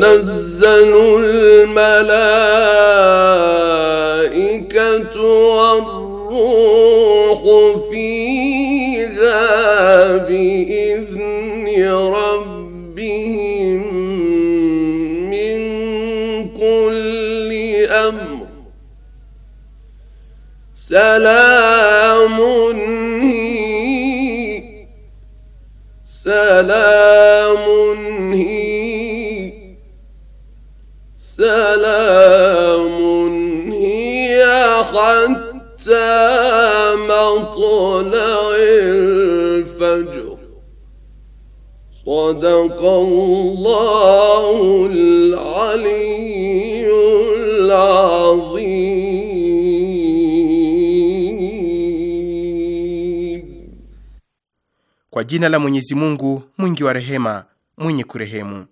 تتنزل الملائكة والروح فيها بإذن ربهم من كل أمر سلام مطلع الفجر صدق الله العلي Kwa jina la Mwenyezi Mungu mwingi wa rehema mwenye kurehemu.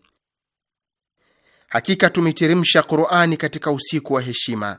Hakika tumeteremsha Qur'ani katika usiku wa heshima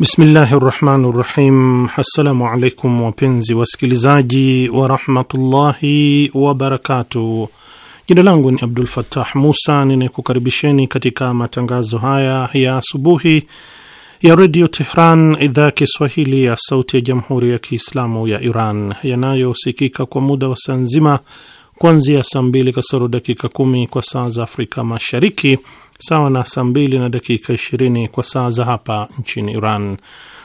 Bismillahi rahmani rahim. Assalamu alaikum wapenzi wasikilizaji warahmatullahi wabarakatuh. Jina langu ni Abdul Fattah Musa ninakukaribisheni katika matangazo haya ya asubuhi ya redio Tehran, idhaa ya Kiswahili ya sauti ya jamhuri ya Kiislamu ya Iran, yanayosikika kwa muda wa saa nzima kuanzia saa mbili kasoro dakika kumi kwa saa za Afrika Mashariki, sawa na saa mbili na dakika ishirini kwa saa za hapa nchini Iran.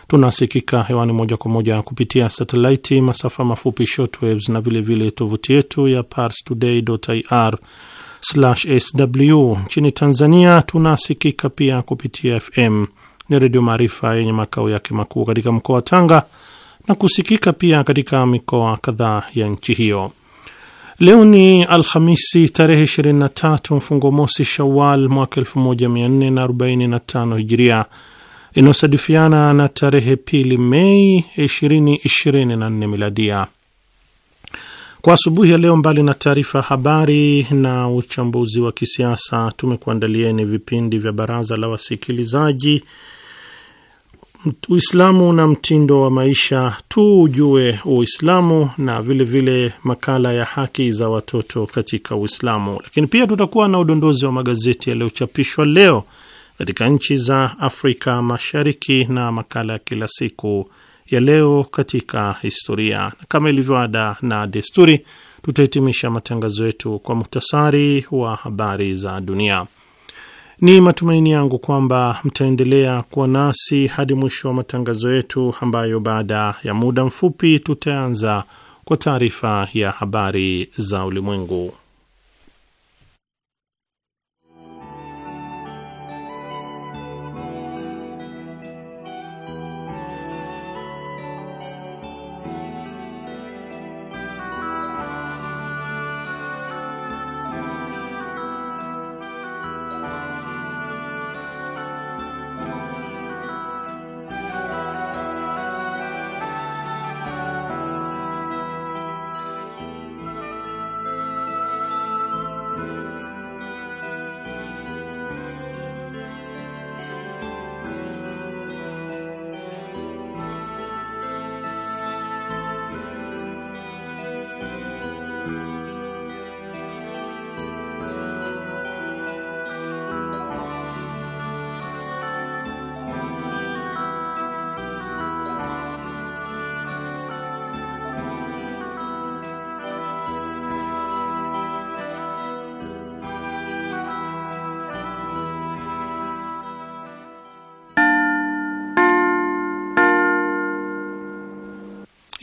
Tunasikika hewani moja kwa moja kupitia satelaiti, masafa mafupi shortwaves, na vilevile tovuti yetu ya pars parstoday.ir sw. Nchini Tanzania tunasikika pia kupitia FM ni Redio Maarifa yenye makao yake makuu katika mkoa wa Tanga na kusikika pia katika mikoa kadhaa ya nchi hiyo. Leo ni Alhamisi tarehe 23 mfungo mosi Shawal mwaka 1445 Hijiria, inayosadifiana na tarehe pili Mei 2024 Miladia. Kwa asubuhi ya leo, mbali na taarifa ya habari na uchambuzi wa kisiasa, tumekuandalieni vipindi vya baraza la wasikilizaji Uislamu na mtindo wa maisha, tu ujue Uislamu na vilevile vile makala ya haki za watoto katika Uislamu, lakini pia tutakuwa na udondozi wa magazeti yaliyochapishwa leo katika nchi za Afrika Mashariki na makala ya kila siku ya leo katika historia, na kama ilivyo ada na desturi tutahitimisha matangazo yetu kwa muhtasari wa habari za dunia. Ni matumaini yangu kwamba mtaendelea kuwa nasi hadi mwisho wa matangazo yetu, ambayo baada ya muda mfupi tutaanza kwa taarifa ya habari za ulimwengu.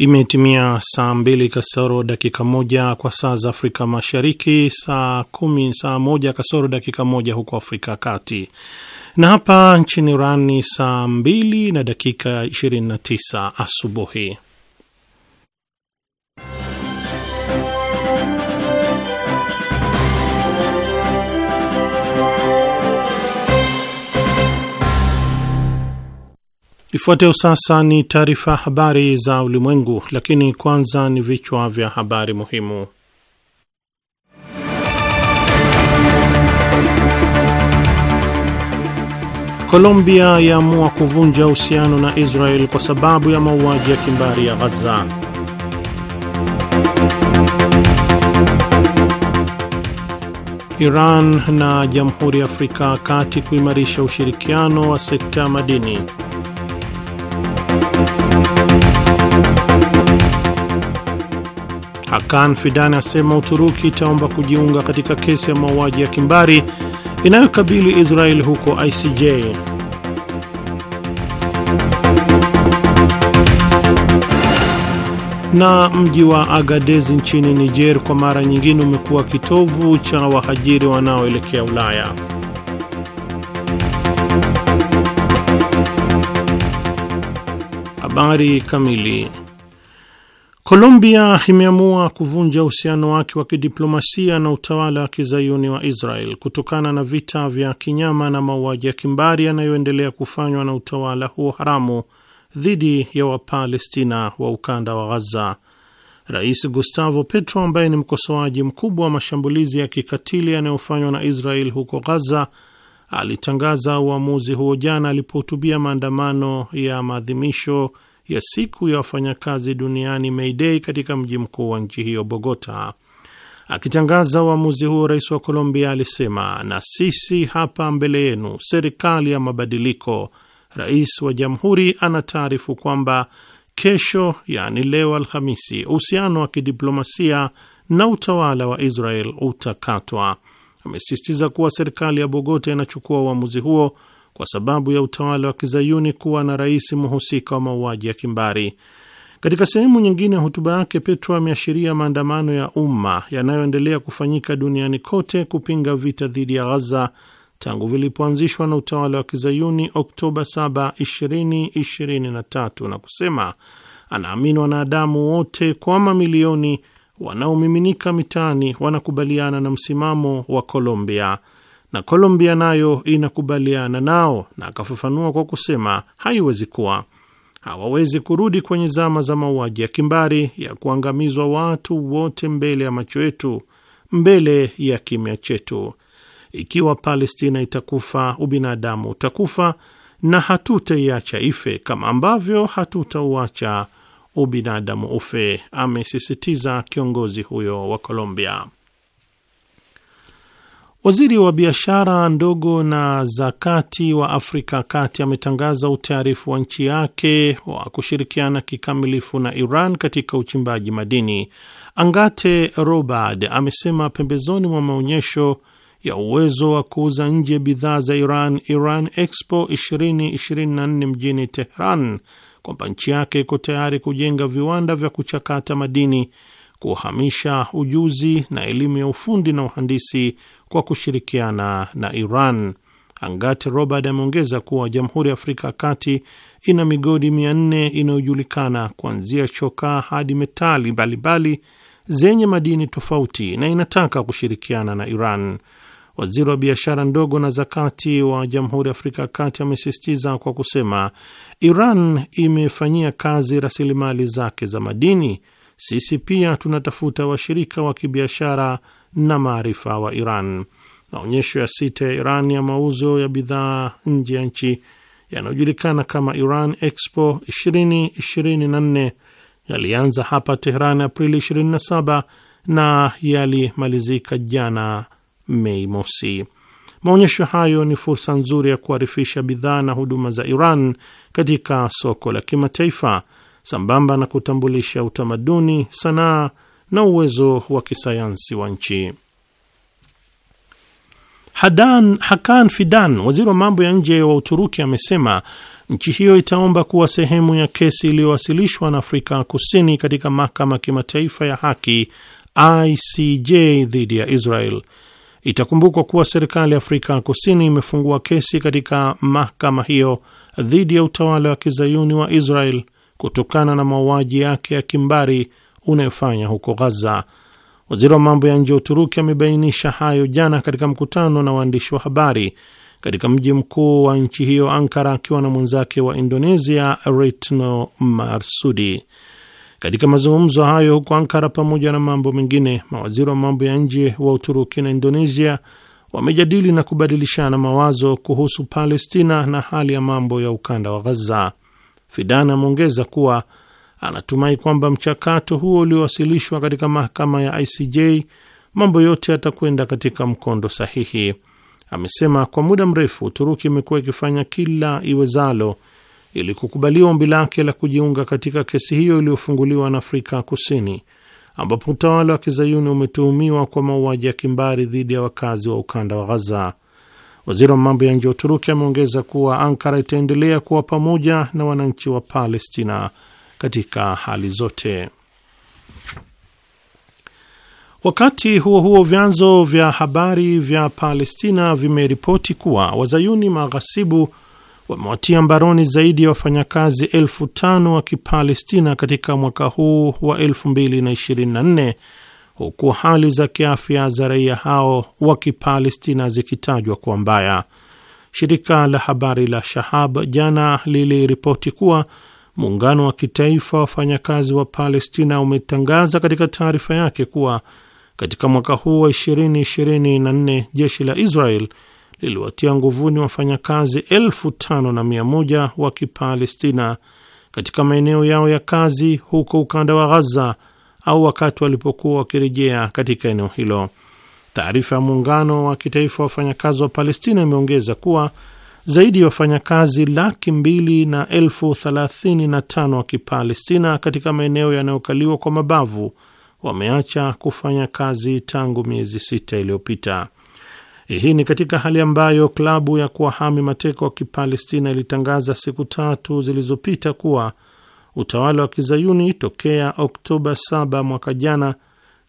Imetimia saa mbili kasoro dakika moja kwa saa za Afrika Mashariki, saa kumi, saa moja kasoro dakika moja huko Afrika ya Kati, na hapa nchini Iran ni saa mbili na dakika 29 asubuhi. Ifuatayo sasa ni taarifa habari za ulimwengu, lakini kwanza ni vichwa vya habari muhimu. Colombia yaamua kuvunja uhusiano na Israel kwa sababu ya mauaji ya kimbari ya ghaza Iran na Jamhuri ya Afrika Kati kuimarisha ushirikiano wa sekta ya madini. Hakan Fidan asema Uturuki itaomba kujiunga katika kesi ya mauaji ya kimbari inayokabili Israeli huko ICJ. Na mji wa Agadez nchini Niger kwa mara nyingine umekuwa kitovu cha wahajiri wanaoelekea Ulaya. Habari kamili Colombia imeamua kuvunja uhusiano wake wa kidiplomasia na utawala wa kizayuni wa Israel kutokana na vita vya kinyama na mauaji ya kimbari yanayoendelea kufanywa na utawala huo haramu dhidi ya Wapalestina wa ukanda wa Ghaza. Rais Gustavo Petro, ambaye ni mkosoaji mkubwa wa mashambulizi ya kikatili yanayofanywa na Israel huko Ghaza, alitangaza uamuzi huo jana alipohutubia maandamano ya maadhimisho ya siku ya wafanyakazi duniani May Day katika mji mkuu wa nchi hiyo Bogota. Akitangaza uamuzi huo, rais wa Colombia alisema, na sisi hapa mbele yenu, serikali ya mabadiliko. Rais wa jamhuri anataarifu kwamba kesho, yaani leo Alhamisi, uhusiano wa kidiplomasia na utawala wa Israel utakatwa. Amesisitiza kuwa serikali ya Bogota inachukua uamuzi huo kwa sababu ya utawala wa kizayuni kuwa na rais mhusika wa mauaji ya kimbari. Katika sehemu nyingine ya hotuba yake, Petro ameashiria maandamano ya umma yanayoendelea kufanyika duniani kote kupinga vita dhidi ya Ghaza tangu vilipoanzishwa na utawala wa kizayuni Oktoba 7, 2023 na kusema anaamini wanadamu wote kwa mamilioni wanaomiminika mitaani wanakubaliana na msimamo wa Colombia na Colombia nayo inakubaliana nao, na akafafanua kwa kusema haiwezi kuwa, hawawezi kurudi kwenye zama za mauaji ya kimbari ya kuangamizwa watu wote mbele ya macho yetu, mbele ya kimya chetu. Ikiwa Palestina itakufa, ubinadamu utakufa, na hatutaiacha ife, kama ambavyo hatutauacha ubinadamu ufe, amesisitiza kiongozi huyo wa Colombia. Waziri wa biashara ndogo na za kati wa Afrika Kati ametangaza utaarifu wa nchi yake wa kushirikiana kikamilifu na Iran katika uchimbaji madini. Angate Robard amesema pembezoni mwa maonyesho ya uwezo wa kuuza nje bidhaa za Iran, Iran Expo 2024 mjini Tehran, kwamba nchi yake iko tayari kujenga viwanda vya kuchakata madini kuhamisha ujuzi na elimu ya ufundi na uhandisi kwa kushirikiana na Iran. angat Robert ameongeza kuwa Jamhuri ya Afrika ya Kati ina migodi mia nne inayojulikana kuanzia chokaa hadi metali mbalimbali zenye madini tofauti na inataka kushirikiana na Iran. Waziri wa biashara ndogo na zakati wa Jamhuri ya Afrika ya Kati amesisitiza kwa kusema, Iran imefanyia kazi rasilimali zake za madini sisi pia tunatafuta washirika wa kibiashara na maarifa wa Iran. Maonyesho ya sita ya Iran ya mauzo ya bidhaa nje ya nchi yanayojulikana kama Iran Expo 2024 yalianza hapa Tehran Aprili 27 na yalimalizika jana Mei mosi. Maonyesho hayo ni fursa nzuri ya kuarifisha bidhaa na huduma za Iran katika soko la kimataifa sambamba na kutambulisha utamaduni, sanaa na uwezo wa kisayansi wa nchi. Hadan Hakan Fidan, waziri wa mambo ya nje wa Uturuki, amesema nchi hiyo itaomba kuwa sehemu ya kesi iliyowasilishwa na Afrika Kusini katika mahakama ya kimataifa ya haki ICJ dhidi ya Israel. Itakumbukwa kuwa serikali ya Afrika Kusini imefungua kesi katika mahakama hiyo dhidi ya utawala wa kizayuni wa Israel kutokana na mauaji yake ya kimbari unayofanya huko Ghaza. Waziri wa mambo ya nje wa Uturuki amebainisha hayo jana katika mkutano na waandishi wa habari katika mji mkuu wa nchi hiyo Ankara, akiwa na mwenzake wa Indonesia Retno Marsudi. Katika mazungumzo hayo huko Ankara, pamoja na mambo mengine, mawaziri wa mambo ya nje wa Uturuki na Indonesia wamejadili na kubadilishana mawazo kuhusu Palestina na hali ya mambo ya ukanda wa Ghaza. Fidan ameongeza kuwa anatumai kwamba mchakato huo uliowasilishwa katika mahakama ya ICJ mambo yote yatakwenda katika mkondo sahihi. Amesema kwa muda mrefu Uturuki imekuwa ikifanya kila iwezalo ili kukubaliwa ombi lake la kujiunga katika kesi hiyo iliyofunguliwa na Afrika Kusini, ambapo utawala wa kizayuni umetuhumiwa kwa mauaji ya kimbari dhidi ya wakazi wa ukanda wa Ghaza. Waziri wa mambo ya nje wa Uturuki ameongeza kuwa Ankara itaendelea kuwa pamoja na wananchi wa Palestina katika hali zote. Wakati huo huo, vyanzo vya habari vya Palestina vimeripoti kuwa wazayuni maghasibu wamewatia mbaroni zaidi ya wafanyakazi elfu tano wa Kipalestina katika mwaka huu wa 2024 huku hali za kiafya za raia hao wa Kipalestina zikitajwa kuwa mbaya. Shirika la habari la Shahab jana liliripoti kuwa muungano wa kitaifa wa wafanyakazi wa Palestina umetangaza katika taarifa yake kuwa katika mwaka huu wa 2024 jeshi la Israel liliwatia nguvuni wafanyakazi 51 wa Kipalestina katika maeneo yao ya kazi huko ukanda wa Ghaza au wakati walipokuwa wakirejea katika eneo hilo. Taarifa ya muungano wa kitaifa wa wafanyakazi wa Palestina imeongeza kuwa zaidi ya wafanyakazi laki mbili na elfu thelathini na tano wa Kipalestina katika maeneo yanayokaliwa kwa mabavu wameacha kufanya kazi tangu miezi sita iliyopita. Hii ni katika hali ambayo klabu ya kuwahami mateka wa Kipalestina ilitangaza siku tatu zilizopita kuwa utawala wa kizayuni tokea Oktoba 7 mwaka jana,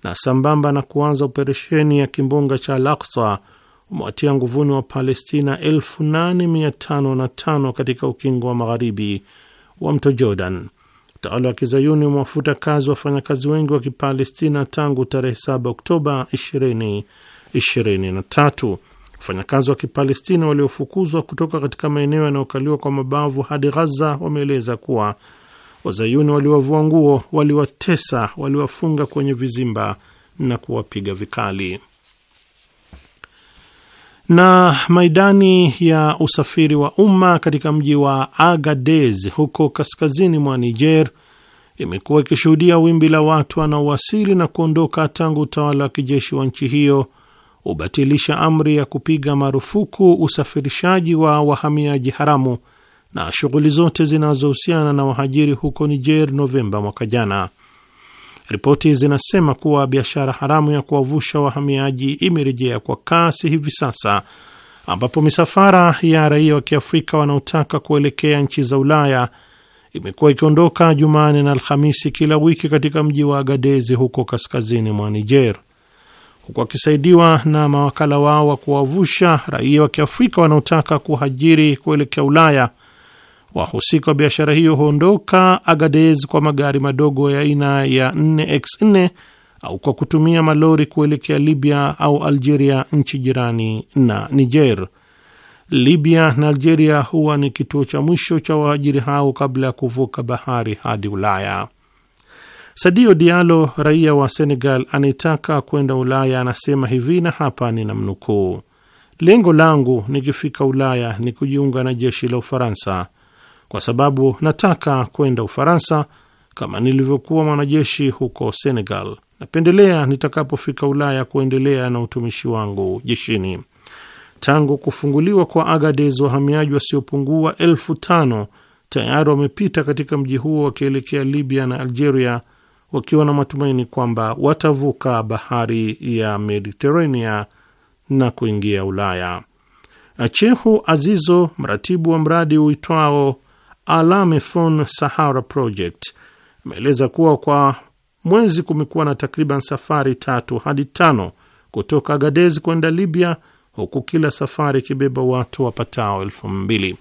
na sambamba na kuanza operesheni ya kimbunga cha Al-Aqsa umewatia nguvuni wa Palestina 8505 katika ukingo wa magharibi wa mto Jordan. Utawala wa kizayuni umewafuta kazi wafanyakazi wengi wa Kipalestina tangu tarehe 7 Oktoba 2023. Wafanyakazi wa Kipalestina waliofukuzwa kutoka katika maeneo yanayokaliwa kwa mabavu hadi Ghaza wameeleza kuwa Wazayuni waliwavua nguo, waliwatesa, waliwafunga kwenye vizimba na kuwapiga vikali. Na maidani ya usafiri wa umma katika mji wa Agadez huko kaskazini mwa Niger imekuwa ikishuhudia wimbi la watu wanaowasili na kuondoka tangu utawala wa kijeshi wa nchi hiyo ubatilisha amri ya kupiga marufuku usafirishaji wa wahamiaji haramu na shughuli zote zinazohusiana na wahajiri huko Niger Novemba mwaka jana. Ripoti zinasema kuwa biashara haramu ya kuwavusha wahamiaji imerejea kwa kasi hivi sasa, ambapo misafara ya raia wa Kiafrika wanaotaka kuelekea nchi za Ulaya imekuwa ikiondoka Jumane na Alhamisi kila wiki katika mji wa Agadezi huko kaskazini mwa Niger, huku akisaidiwa na mawakala wao wa kuwavusha raia wa Kiafrika wanaotaka kuhajiri kuelekea Ulaya wahusika wa biashara hiyo huondoka Agadez kwa magari madogo ya aina ya 4x4 au kwa kutumia malori kuelekea Libya au Algeria, nchi jirani na Niger. Libya na Algeria huwa ni kituo cha mwisho cha waajiri hao kabla ya kuvuka bahari hadi Ulaya. Sadio Diallo, raia wa Senegal anayetaka kwenda Ulaya, anasema hivi na hapa ni namnukuu lengo langu nikifika Ulaya ni kujiunga na jeshi la Ufaransa kwa sababu nataka kwenda Ufaransa kama nilivyokuwa mwanajeshi huko Senegal. Napendelea nitakapofika Ulaya kuendelea na utumishi wangu jeshini. Tangu kufunguliwa kwa Agades, wahamiaji wasiopungua elfu tano tayari wamepita katika mji huo wakielekea Libya na Algeria wakiwa na matumaini kwamba watavuka bahari ya Mediterania na kuingia Ulaya. Chehu Azizo, mratibu wa mradi uitwao Alame Sahara Project ameeleza kuwa kwa mwezi kumekuwa na takriban safari tatu hadi tano kutoka Agadez kwenda Libya, huku kila safari ikibeba watu wapatao elfu mbili.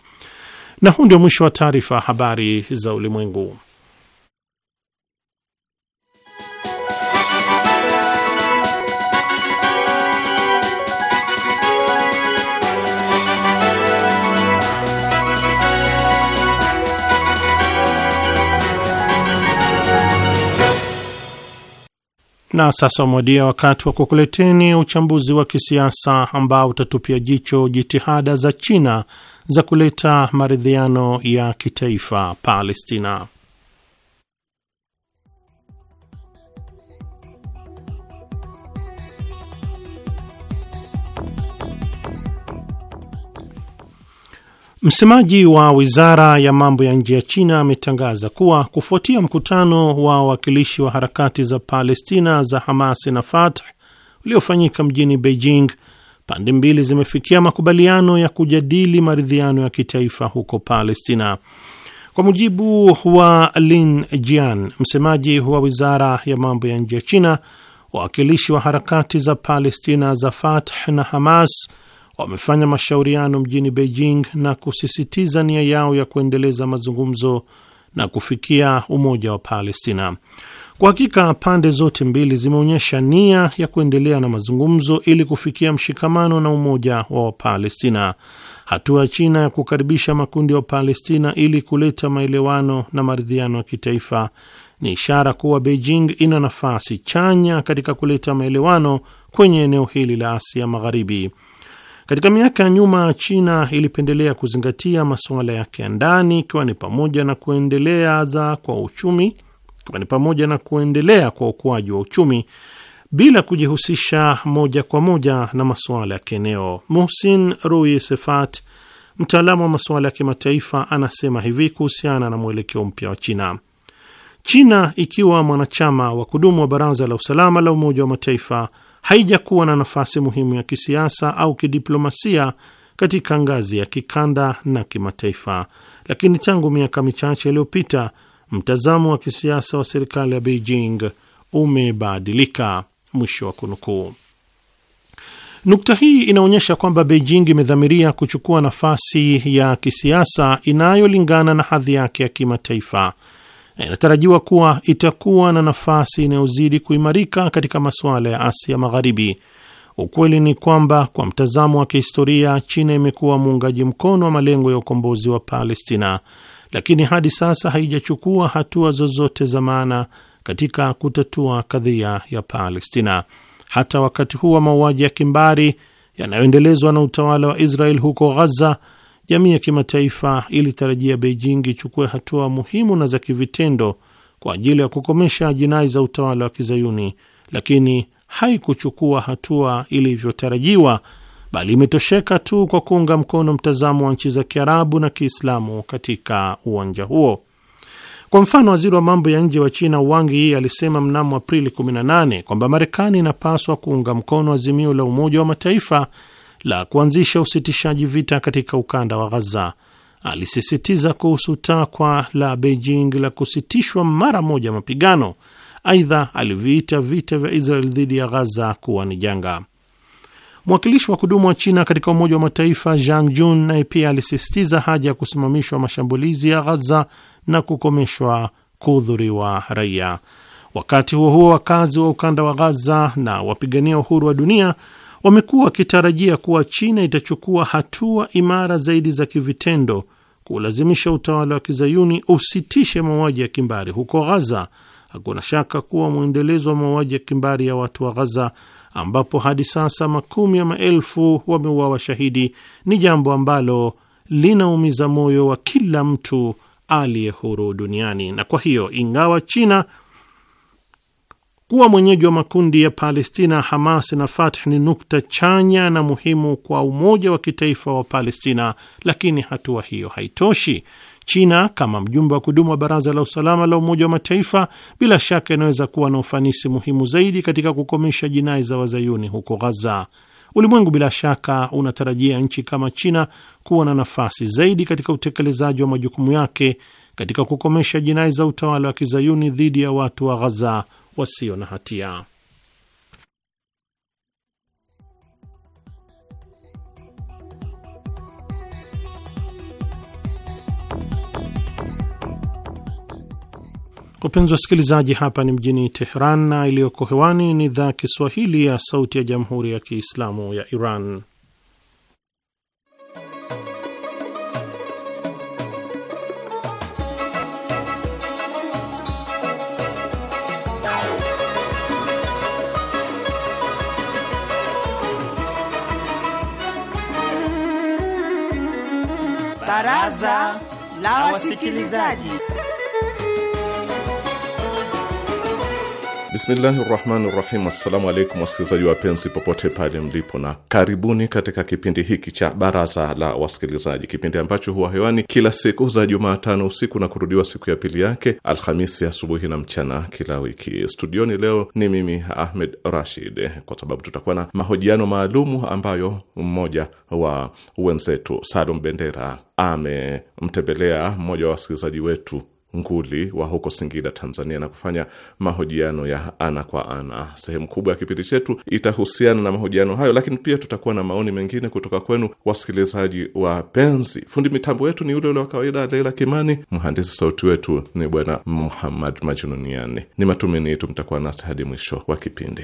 Na huu ndio mwisho wa taarifa habari za ulimwengu. Na sasa umewadia wakati wa kukuleteni uchambuzi wa kisiasa ambao utatupia jicho jitihada za China za kuleta maridhiano ya kitaifa Palestina. Msemaji wa wizara ya mambo ya nje ya China ametangaza kuwa kufuatia mkutano wa wawakilishi wa harakati za Palestina za Hamas na Fatah uliofanyika mjini Beijing, pande mbili zimefikia makubaliano ya kujadili maridhiano ya kitaifa huko Palestina. Kwa mujibu wa Lin Jian, msemaji wa wizara ya mambo ya nje ya China, wawakilishi wa harakati za Palestina za Fatah na Hamas wamefanya mashauriano mjini Beijing na kusisitiza nia yao ya kuendeleza mazungumzo na kufikia umoja wa Palestina. Kwa hakika pande zote mbili zimeonyesha nia ya kuendelea na mazungumzo ili kufikia mshikamano na umoja wa Wapalestina. Hatua ya China ya kukaribisha makundi ya wa Wapalestina ili kuleta maelewano na maridhiano ya kitaifa ni ishara kuwa Beijing ina nafasi chanya katika kuleta maelewano kwenye eneo hili la Asia Magharibi katika miaka ya nyuma, China ilipendelea kuzingatia masuala yake ya ndani, ikiwa ni pamoja na kuendelea za kwa uchumi, ikiwa ni pamoja na kuendelea kwa ukuaji wa uchumi bila kujihusisha moja kwa moja na masuala ya kieneo. Muhsin Rui Sefat, mtaalamu wa masuala ya kimataifa, anasema hivi kuhusiana na mwelekeo mpya wa China. China ikiwa mwanachama wa kudumu wa Baraza la Usalama la Umoja wa Mataifa haijakuwa na nafasi muhimu ya kisiasa au kidiplomasia katika ngazi ya kikanda na kimataifa, lakini tangu miaka michache iliyopita mtazamo wa kisiasa wa serikali ya Beijing umebadilika. Mwisho wa kunukuu. Nukta hii inaonyesha kwamba Beijing imedhamiria kuchukua nafasi ya kisiasa inayolingana na hadhi yake ya kimataifa inatarajiwa kuwa itakuwa na nafasi inayozidi kuimarika katika masuala ya Asia Magharibi. Ukweli ni kwamba kwa mtazamo wa kihistoria, China imekuwa muungaji mkono wa malengo ya ukombozi wa Palestina, lakini hadi sasa haijachukua hatua zozote za maana katika kutatua kadhia ya Palestina. Hata wakati huu wa mauaji ya kimbari yanayoendelezwa na utawala wa Israel huko Ghaza jamii ya kimataifa ilitarajia Beijing ichukue hatua muhimu na za kivitendo kwa ajili ya kukomesha jinai za utawala wa Kizayuni, lakini haikuchukua hatua ilivyotarajiwa, bali imetosheka tu kwa kuunga mkono mtazamo wa nchi za Kiarabu na Kiislamu katika uwanja huo. Kwa mfano, waziri wa mambo ya nje wa China Wang Yi alisema mnamo Aprili 18 kwamba Marekani inapaswa kuunga mkono azimio la Umoja wa Mataifa la kuanzisha usitishaji vita katika ukanda wa Ghaza, alisisitiza kuhusu takwa la Beijing la kusitishwa mara moja mapigano. Aidha, aliviita vita vya Israel dhidi ya Ghaza kuwa ni janga. Mwakilishi wa kudumu wa China katika Umoja wa Mataifa Zhang Jun naye pia alisisitiza haja ya kusimamishwa mashambulizi ya Ghaza na kukomeshwa kuhudhuriwa raia. Wakati huo huo, wakazi wa ukanda wa Ghaza na wapigania uhuru wa dunia wamekuwa wakitarajia kuwa China itachukua hatua imara zaidi za kivitendo kulazimisha utawala wa kizayuni usitishe mauaji ya kimbari huko Ghaza. Hakuna shaka kuwa mwendelezo wa mauaji ya kimbari ya watu wa Ghaza, ambapo hadi sasa makumi ya maelfu wameuawa shahidi, ni jambo ambalo linaumiza moyo wa kila mtu aliye huru duniani. Na kwa hiyo, ingawa China kuwa mwenyeji wa makundi ya Palestina, Hamas na Fatah ni nukta chanya na muhimu kwa umoja wa kitaifa wa Palestina, lakini hatua hiyo haitoshi. China kama mjumbe wa kudumu wa Baraza la Usalama la Umoja wa Mataifa bila shaka inaweza kuwa na ufanisi muhimu zaidi katika kukomesha jinai za wazayuni huko Ghaza. Ulimwengu bila shaka unatarajia nchi kama China kuwa na nafasi zaidi katika utekelezaji wa majukumu yake katika kukomesha jinai za utawala wa kizayuni dhidi ya watu wa Ghaza wasio na hatia. Wapenzi wasikilizaji, hapa ni mjini Teheran na iliyoko hewani ni idhaa Kiswahili ya Sauti ya Jamhuri ya Kiislamu ya Iran. Baraza la Wasikilizaji. Bismillahi rahmani rahim. Assalamu alaikum wasikilizaji wapenzi popote pale mlipo, na karibuni katika kipindi hiki cha baraza la wasikilizaji, kipindi ambacho huwa hewani kila siku za Jumatano usiku na kurudiwa siku ya pili yake Alhamisi asubuhi ya na mchana kila wiki. Studioni leo ni mimi Ahmed Rashid, kwa sababu tutakuwa na mahojiano maalumu ambayo mmoja wa wenzetu Salum Bendera amemtembelea mmoja wa wasikilizaji wetu nguli wa huko Singida, Tanzania, na kufanya mahojiano ya ana kwa ana. Sehemu kubwa ya kipindi chetu itahusiana na mahojiano hayo, lakini pia tutakuwa na maoni mengine kutoka kwenu wasikilizaji wapenzi. Fundi mitambo wetu ni yule ule wa kawaida, Leila Kimani. Mhandisi sauti wetu ni Bwana Muhammad Majununiani. Ni matumaini yetu mtakuwa nasi hadi mwisho wa kipindi.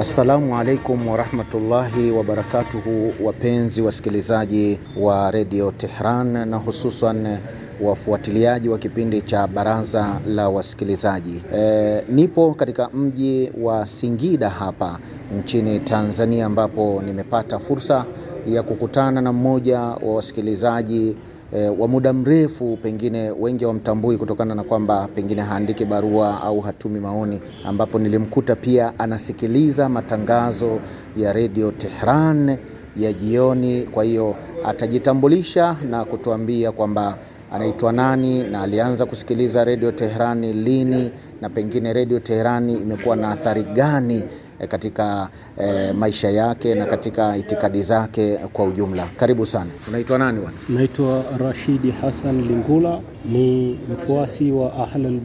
Assalamu alaikum warahmatullahi wabarakatuhu, wapenzi wasikilizaji wa redio Tehran na hususan wafuatiliaji wa kipindi cha baraza la wasikilizaji. E, nipo katika mji wa Singida hapa nchini Tanzania ambapo nimepata fursa ya kukutana na mmoja wa wasikilizaji e, wa muda mrefu, pengine wengi wamtambui kutokana na kwamba pengine haandiki barua au hatumi maoni, ambapo nilimkuta pia anasikiliza matangazo ya redio Tehran ya jioni. Kwa hiyo atajitambulisha na kutuambia kwamba anaitwa nani na alianza kusikiliza redio Teherani lini na pengine redio Teherani imekuwa na athari gani eh, katika e, maisha yake na katika itikadi zake kwa ujumla. Karibu sana. Unaitwa nani bwana? Naitwa Rashidi Hassan Lingula, ni mfuasi wa Ahlul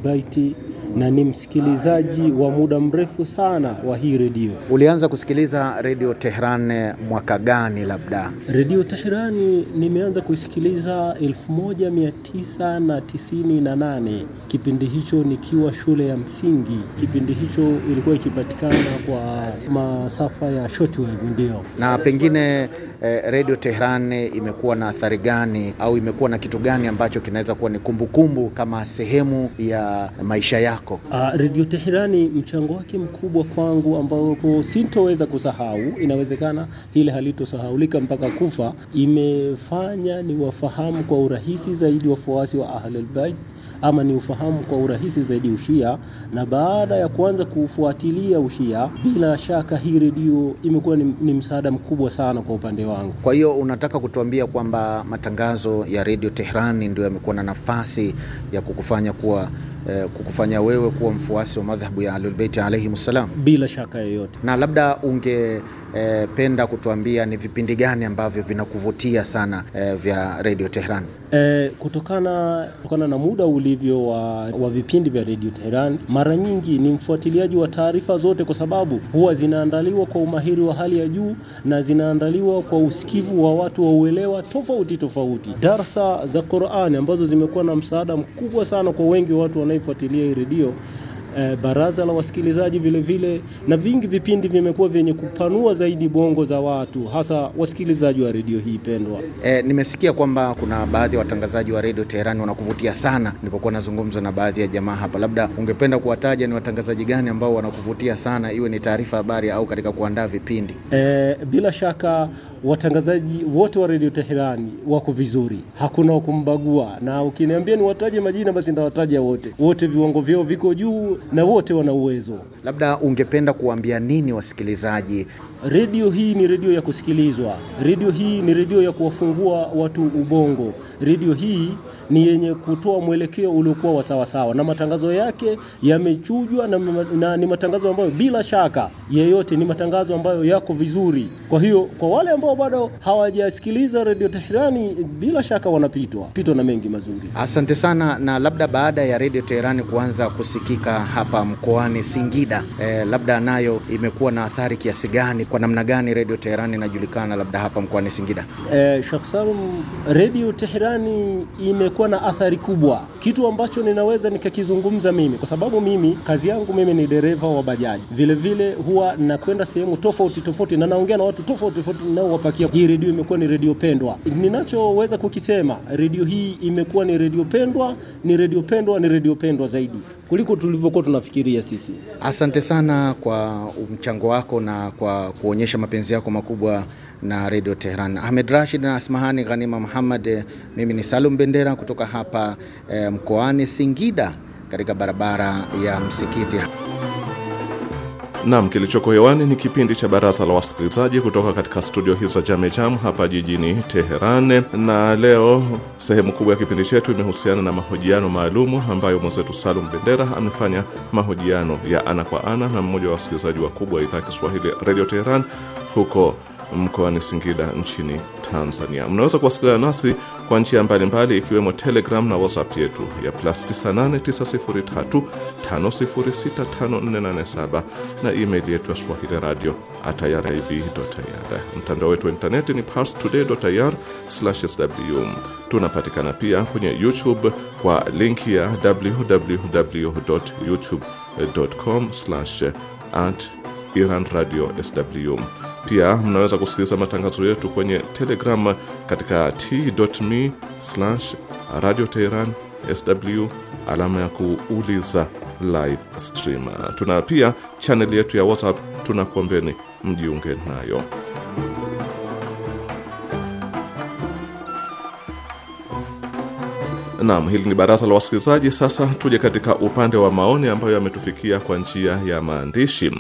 na ni msikilizaji wa muda mrefu sana wa hii redio. Ulianza kusikiliza redio Tehran mwaka gani? Labda redio Tehran nimeanza kuisikiliza 1998 na kipindi hicho nikiwa shule ya msingi. Kipindi hicho ilikuwa ikipatikana kwa masaa masafa ya shortwave ndio. Na pengine eh, Radio Tehran imekuwa na athari gani au imekuwa na kitu gani ambacho kinaweza kuwa ni kumbukumbu kumbu kama sehemu ya maisha yako? Uh, Radio Tehran mchango wake mkubwa kwangu ambao sintoweza kusahau, inawezekana hili halitosahaulika mpaka kufa, imefanya niwafahamu kwa urahisi zaidi wafuasi wa Ahlul Bait ama ni ufahamu kwa urahisi zaidi ushia, na baada ya kuanza kufuatilia ushia, bila shaka hii redio imekuwa ni, ni msaada mkubwa sana kwa upande wangu. Kwa hiyo unataka kutuambia kwamba matangazo ya redio Teherani ndio yamekuwa na nafasi ya kukufanya kuwa Eh, kukufanya wewe kuwa mfuasi wa madhhabu ya Ahlulbeiti alayhi ssalam bila shaka yoyote. Na labda ungependa eh, kutuambia ni vipindi gani ambavyo vinakuvutia sana e, vya Radio Tehran? E, kutokana, kutokana na muda ulivyo wa, wa vipindi vya Radio Tehran, mara nyingi ni mfuatiliaji wa taarifa zote, kwa sababu huwa zinaandaliwa kwa umahiri wa hali ya juu na zinaandaliwa kwa usikivu wa watu wa uelewa tofauti tofauti. Darsa za Qur'ani ambazo zimekuwa na msaada mkubwa sana kwa wengi watu wana anaifuatilia hii redio eh, baraza la wasikilizaji vile vile, na vingi vipindi vimekuwa vyenye kupanua zaidi bongo za watu, hasa wasikilizaji wa redio hii pendwa. Eh, nimesikia kwamba kuna baadhi ya watangazaji wa redio Teherani wanakuvutia sana. Nilipokuwa nazungumza na baadhi ya jamaa hapa, labda ungependa kuwataja ni watangazaji gani ambao wanakuvutia sana, iwe ni taarifa habari au katika kuandaa vipindi? Eh, bila shaka watangazaji wote wa redio Teherani wako vizuri, hakuna wa kumbagua, na ukiniambia niwataje majina basi nitawataja wote. Wote viwango vyao viko juu na wote wana uwezo. Labda ungependa kuambia nini wasikilizaji? Redio hii ni redio ya kusikilizwa, redio hii ni redio ya kuwafungua watu ubongo, redio hii ni yenye kutoa mwelekeo uliokuwa wa sawasawa, na matangazo yake yamechujwa na, na ni matangazo ambayo bila shaka yeyote ni matangazo ambayo yako vizuri. Kwa hiyo kwa wale ambao bado hawajasikiliza redio Teherani, bila shaka wanapitwa pitwa na mengi mazuri. Asante sana, na labda baada ya redio Teherani kuanza kusikika hapa mkoani Singida, eh, labda nayo imekuwa na athari kiasi gani, kwa namna gani redio Teherani inajulikana labda hapa mkoani Singida? Eh, shakhsan redio Teherani ime imekuwa na athari kubwa, kitu ambacho ninaweza nikakizungumza mimi, kwa sababu mimi kazi yangu mimi ni dereva wa bajaji, vile vile huwa nakwenda sehemu tofauti tofauti na naongea na watu tofauti tofauti ninaowapakia. Hii redio imekuwa ni redio pendwa. Ninachoweza kukisema, redio hii imekuwa ni redio pendwa, ni redio pendwa, ni redio pendwa zaidi kuliko tulivyokuwa tunafikiria sisi. Asante sana kwa mchango wako na kwa kuonyesha mapenzi yako makubwa na Radio Tehran. Ahmed Rashid na Asmahani Ghanima Muhammad. Mimi ni Salum Bendera kutoka hapa e, mkoani Singida katika barabara ya Msikiti. Naam, kilichoko hewani ni kipindi cha baraza la wasikilizaji kutoka katika studio hizi za Jamejam hapa jijini Teheran, na leo sehemu kubwa ya kipindi chetu imehusiana na mahojiano maalumu ambayo mwenzetu Salum Bendera amefanya mahojiano ya ana kwa ana na mmoja wa wasikilizaji wakubwa wa idhaa ya Kiswahili Radio Teheran huko mkoani Singida nchini Tanzania. Mnaweza kuwasiliana nasi kwa njia mbalimbali ikiwemo Telegram na WhatsApp yetu ya plus 989035065487 na email yetu ya swahili radio irib.ir. Mtandao wetu wa intaneti ni parstoday.ir/sw. Tunapatikana pia kwenye YouTube kwa linki ya www.youtube.com/iranradio sw pia mnaweza kusikiliza matangazo yetu kwenye Telegram katika t.me radio Teheran sw alama ya kuuliza live stream. Tuna pia chaneli yetu ya WhatsApp, tunakuombeni mjiunge nayo. Naam, hili ni baraza la wasikilizaji. Sasa tuje katika upande wa maoni ambayo yametufikia kwa njia ya maandishi.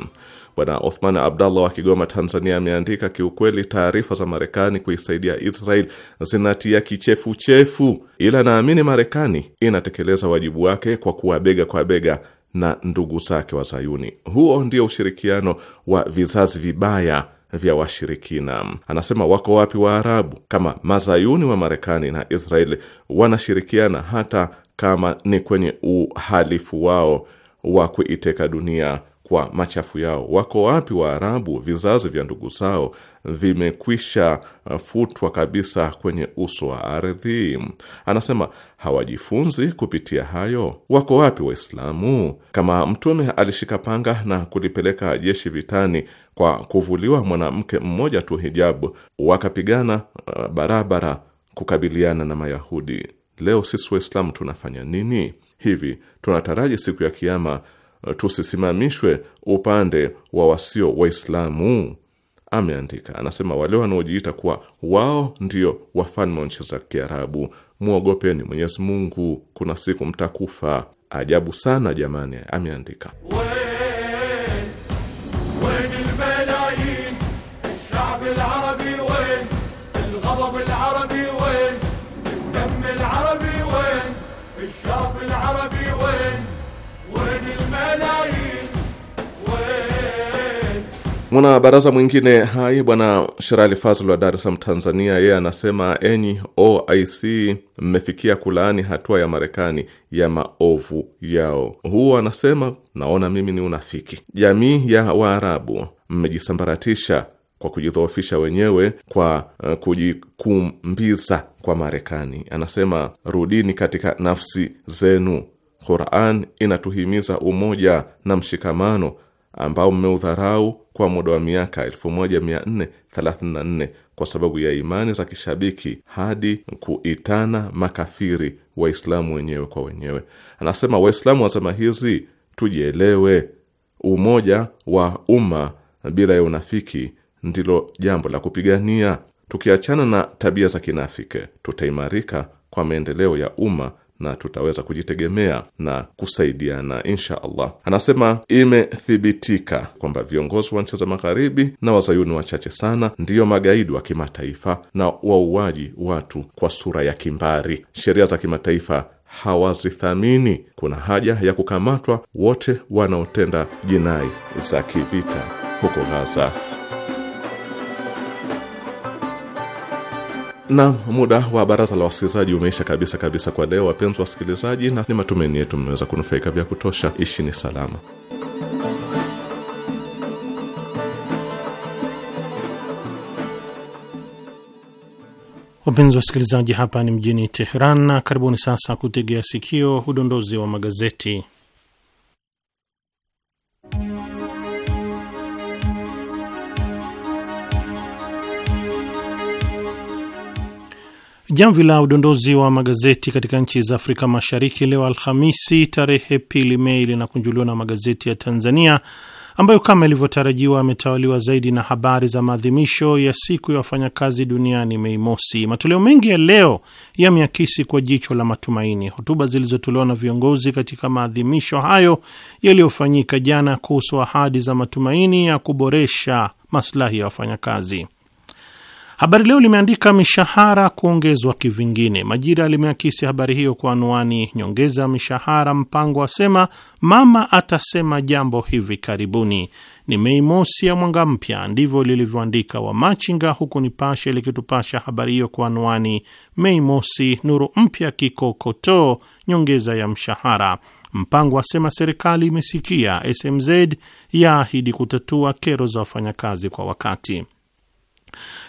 Bwana Othman Abdallah wa Kigoma, Tanzania, ameandika kiukweli, taarifa za Marekani kuisaidia Israel zinatia kichefuchefu, ila naamini Marekani inatekeleza wajibu wake kwa kuwa bega kwa bega na ndugu zake wa Zayuni. Huo ndio ushirikiano wa vizazi vibaya vya washirikina. Anasema wako wapi Waarabu kama mazayuni wa Marekani na israel wanashirikiana, hata kama ni kwenye uhalifu wao wa kuiteka dunia kwa machafu yao. Wako wapi Waarabu? Vizazi vya ndugu zao vimekwisha uh, futwa kabisa kwenye uso wa ardhi. Anasema hawajifunzi kupitia hayo. Wako wapi Waislamu? Kama Mtume alishika panga na kulipeleka jeshi vitani kwa kuvuliwa mwanamke mmoja tu hijabu, wakapigana uh, barabara kukabiliana na Mayahudi. Leo sisi Waislamu tunafanya nini? Hivi tunataraji siku ya Kiama tusisimamishwe upande wa wasio Waislamu? Ameandika, anasema wale wanaojiita kuwa wao ndio wafalme wa nchi za Kiarabu, mwogopeni Mwenyezi Mungu, kuna siku mtakufa. Ajabu sana jamani, ameandika Mwana baraza mwingine hai bwana Sherali Fazl wa Dar es Salaam, Tanzania, yeye anasema enyi OIC mmefikia kulaani hatua ya Marekani ya maovu yao. Huo anasema naona mimi ni unafiki. Jamii ya Waarabu mmejisambaratisha kwa kujidhoofisha wenyewe kwa uh, kujikumbiza kwa Marekani. Anasema rudini katika nafsi zenu Qur'an inatuhimiza umoja na mshikamano ambao mmeudharau kwa muda wa miaka 1434 kwa sababu ya imani za kishabiki hadi kuitana makafiri Waislamu wenyewe kwa wenyewe. Anasema Waislamu wa zama hizi tujielewe, umoja wa umma bila ya unafiki ndilo jambo la kupigania. Tukiachana na tabia za kinafiki, tutaimarika kwa maendeleo ya umma na tutaweza kujitegemea na kusaidiana insha Allah. Anasema imethibitika kwamba viongozi wa nchi za magharibi na wazayuni wachache sana ndiyo magaidi wa kimataifa na wauaji watu kwa sura ya kimbari. Sheria za kimataifa hawazithamini. Kuna haja ya kukamatwa wote wanaotenda jinai za kivita huko Gaza. Na muda wa baraza la wasikilizaji umeisha kabisa kabisa kwa leo, wapenzi wasikilizaji, na ni matumaini yetu mmeweza kunufaika vya kutosha. Ishini salama. Wapenzi wasikilizaji, hapa ni mjini Teheran na karibuni sasa kutegea sikio udondozi wa magazeti. Jamvi la udondozi wa magazeti katika nchi za Afrika Mashariki leo Alhamisi tarehe pili Mei linakunjuliwa na magazeti ya Tanzania ambayo kama ilivyotarajiwa ametawaliwa zaidi na habari za maadhimisho ya siku ya wafanyakazi duniani Mei Mosi. Matoleo mengi ya leo yameakisi kwa jicho la matumaini hotuba zilizotolewa na viongozi katika maadhimisho hayo yaliyofanyika jana kuhusu ahadi za matumaini ya kuboresha maslahi ya wafanyakazi. Habari Leo limeandika mishahara kuongezwa kivingine. Majira limeakisi habari hiyo kwa anwani nyongeza mishahara Mpango asema mama atasema jambo hivi karibuni. Ni Mei Mosi ya mwanga mpya, ndivyo lilivyoandika Wamachinga, huku Nipashe likitupasha habari hiyo kwa anwani Mei Mosi, nuru mpya kikokotoo, nyongeza ya mshahara Mpango asema serikali imesikia, SMZ yaahidi kutatua kero za wafanyakazi kwa wakati.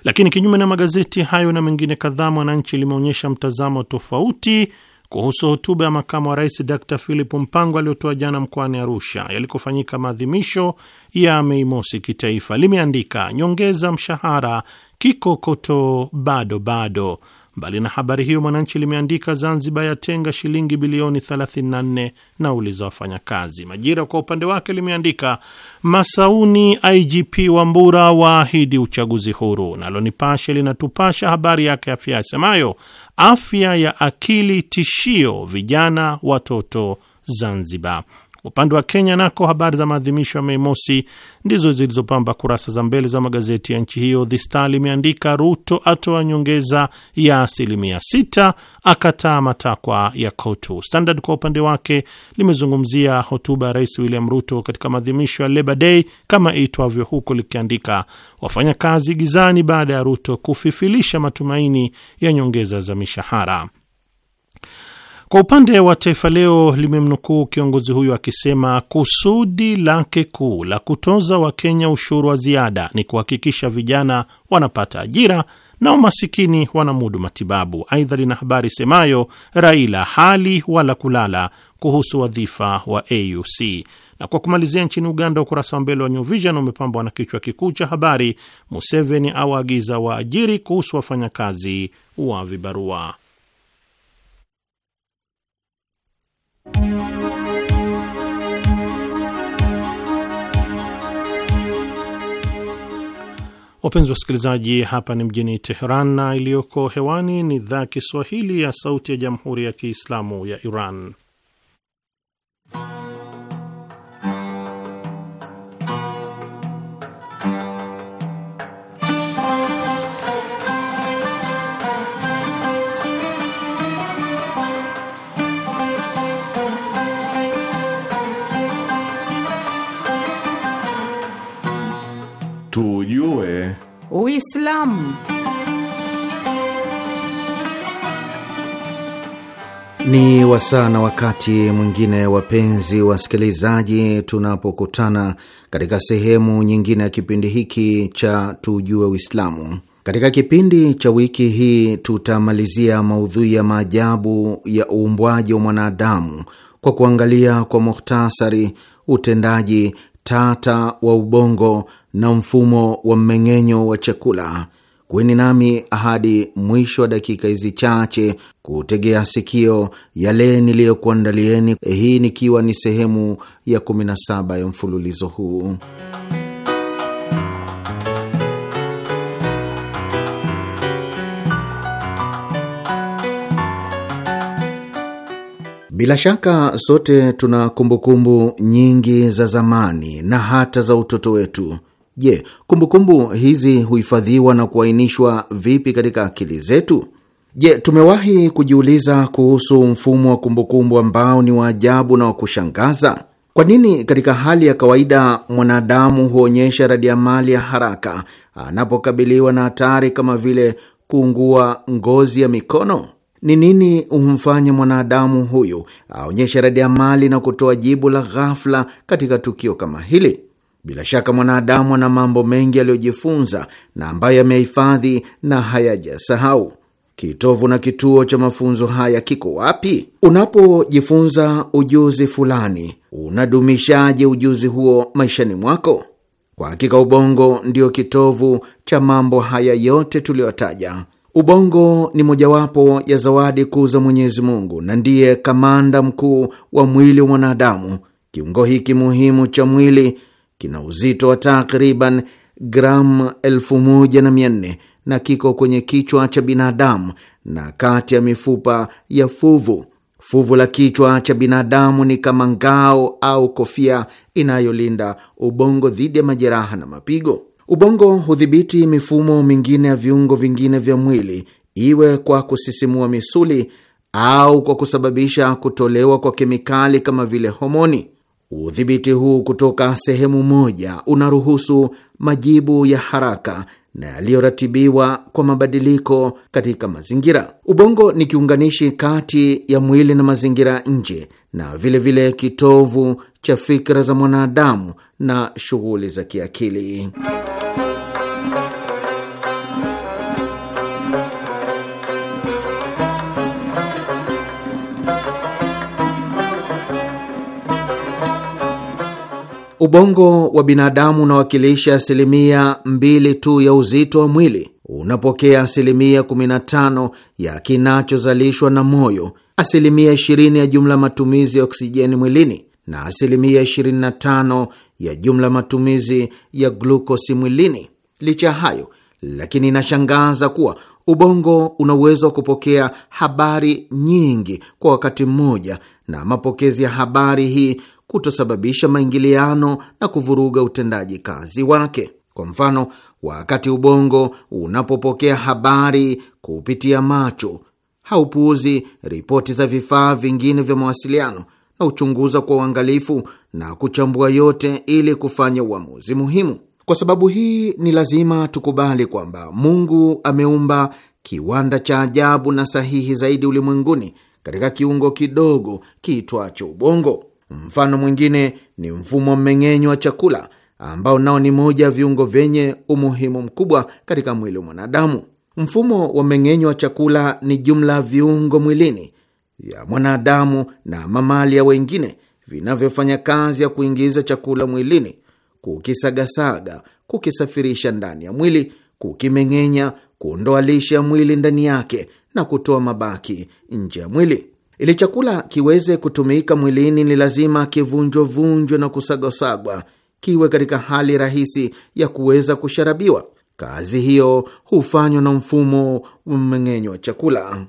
Lakini kinyume na magazeti hayo na mengine kadhaa, Mwananchi limeonyesha mtazamo tofauti kuhusu hotuba ya makamu wa rais Dr Philip Mpango aliyotoa jana mkoani Arusha yalikofanyika maadhimisho ya Mei Mosi kitaifa. Limeandika nyongeza mshahara kikokoto bado bado Mbali na habari hiyo, Mwananchi limeandika Zanzibar yatenga shilingi bilioni 34 nauli za wafanyakazi. Majira kwa upande wake limeandika Masauni, IGP Wambura waahidi uchaguzi huru. Nalo Nipashe linatupasha habari yake afya yasemayo afya ya akili tishio vijana watoto Zanzibar. Upande wa Kenya nako habari za maadhimisho ya Mei Mosi ndizo zilizopamba kurasa za mbele za magazeti ya nchi hiyo. The Star limeandika Ruto atoa nyongeza ya asilimia sita, akataa matakwa ya KOTU. Standard kwa upande wake limezungumzia hotuba ya Rais William Ruto katika maadhimisho ya Labor Day kama iitwavyo huko, likiandika wafanyakazi gizani baada ya Ruto kufifilisha matumaini ya nyongeza za mishahara. Kwa upande wa Taifa Leo limemnukuu kiongozi huyo akisema kusudi lake kuu la kutoza Wakenya ushuru wa ziada ni kuhakikisha vijana wanapata ajira na umasikini wanamudu matibabu. Aidha, lina habari semayo Raila hali wala kulala kuhusu wadhifa wa AUC. Na kwa kumalizia, nchini Uganda, ukurasa wa mbele wa New Vision umepambwa na kichwa kikuu cha habari, Museveni awaagiza waajiri kuhusu wafanyakazi wa vibarua. Wapenzi wasikilizaji, hapa ni mjini Teheran na iliyoko hewani ni idhaa Kiswahili ya Sauti ya Jamhuri ya Kiislamu ya Iran. Uislamu. Ni wasaa na wakati mwingine, wapenzi wasikilizaji, tunapokutana katika sehemu nyingine ya kipindi hiki cha tujue Uislamu. Katika kipindi cha wiki hii tutamalizia maudhui ya maajabu ya uumbwaji wa mwanadamu kwa kuangalia kwa muhtasari utendaji tata wa ubongo na mfumo wa mmeng'enyo wa chakula. kweni nami hadi mwisho wa dakika hizi chache kutegea sikio yale niliyokuandalieni, hii nikiwa ni sehemu ya 17 ya mfululizo huu. Bila shaka sote tuna kumbukumbu nyingi za zamani na hata za utoto wetu Je, kumbukumbu hizi huhifadhiwa na kuainishwa vipi katika akili zetu? Je, tumewahi kujiuliza kuhusu mfumo wa kumbukumbu ambao ni wa ajabu na wa kushangaza? Kwa nini katika hali ya kawaida mwanadamu huonyesha radiamali ya haraka anapokabiliwa na hatari kama vile kuungua ngozi ya mikono? Ni nini humfanya mwanadamu huyu aonyeshe radiamali na kutoa jibu la ghafla katika tukio kama hili? Bila shaka mwanadamu ana mambo mengi aliyojifunza na ambayo yamehifadhi na hayajasahau. Kitovu na kituo cha mafunzo haya kiko wapi? Unapojifunza ujuzi fulani, unadumishaje ujuzi huo maishani mwako? Kwa hakika ubongo ndio kitovu cha mambo haya yote tuliyotaja. Ubongo ni mojawapo ya zawadi kuu za Mwenyezi Mungu na ndiye kamanda mkuu wa mwili wa mwanadamu. Kiungo hiki muhimu cha mwili kina uzito wa takriban gramu 1400 na kiko kwenye kichwa cha binadamu na kati ya mifupa ya fuvu. Fuvu la kichwa cha binadamu ni kama ngao au kofia inayolinda ubongo dhidi ya majeraha na mapigo. Ubongo hudhibiti mifumo mingine ya viungo vingine vya mwili, iwe kwa kusisimua misuli au kwa kusababisha kutolewa kwa kemikali kama vile homoni. Udhibiti huu kutoka sehemu moja unaruhusu majibu ya haraka na yaliyoratibiwa kwa mabadiliko katika mazingira. Ubongo ni kiunganishi kati ya mwili na mazingira nje, na vilevile vile kitovu cha fikra za mwanadamu na shughuli za kiakili. Ubongo wa binadamu unawakilisha asilimia mbili tu ya uzito wa mwili, unapokea asilimia 15 ya kinachozalishwa na moyo, asilimia 20 ya jumla matumizi ya oksijeni mwilini na asilimia 25 ya jumla matumizi ya glukosi mwilini. Licha ya hayo lakini inashangaza kuwa ubongo una uwezo wa kupokea habari nyingi kwa wakati mmoja, na mapokezi ya habari hii kutosababisha maingiliano na kuvuruga utendaji kazi wake. Kwa mfano, wakati ubongo unapopokea habari kupitia macho, haupuuzi ripoti za vifaa vingine vya mawasiliano na uchunguza kwa uangalifu na kuchambua yote ili kufanya uamuzi muhimu. Kwa sababu hii, ni lazima tukubali kwamba Mungu ameumba kiwanda cha ajabu na sahihi zaidi ulimwenguni katika kiungo kidogo kiitwacho ubongo. Mfano mwingine ni mfumo wa mmeng'enyo wa chakula ambao nao ni moja ya viungo vyenye umuhimu mkubwa katika mwili wa mwanadamu. Mfumo wa mmeng'enyo wa chakula ni jumla ya viungo mwilini vya mwanadamu na mamalia wengine vinavyofanya kazi ya kuingiza chakula mwilini, kukisagasaga, kukisafirisha ndani ya mwili, kukimeng'enya, kuondoa lishe ya mwili ndani yake na kutoa mabaki nje ya mwili. Ili chakula kiweze kutumika mwilini, ni lazima kivunjwevunjwe na kusagwasagwa, kiwe katika hali rahisi ya kuweza kusharabiwa. Kazi hiyo hufanywa na mfumo wa mmeng'enyo wa chakula.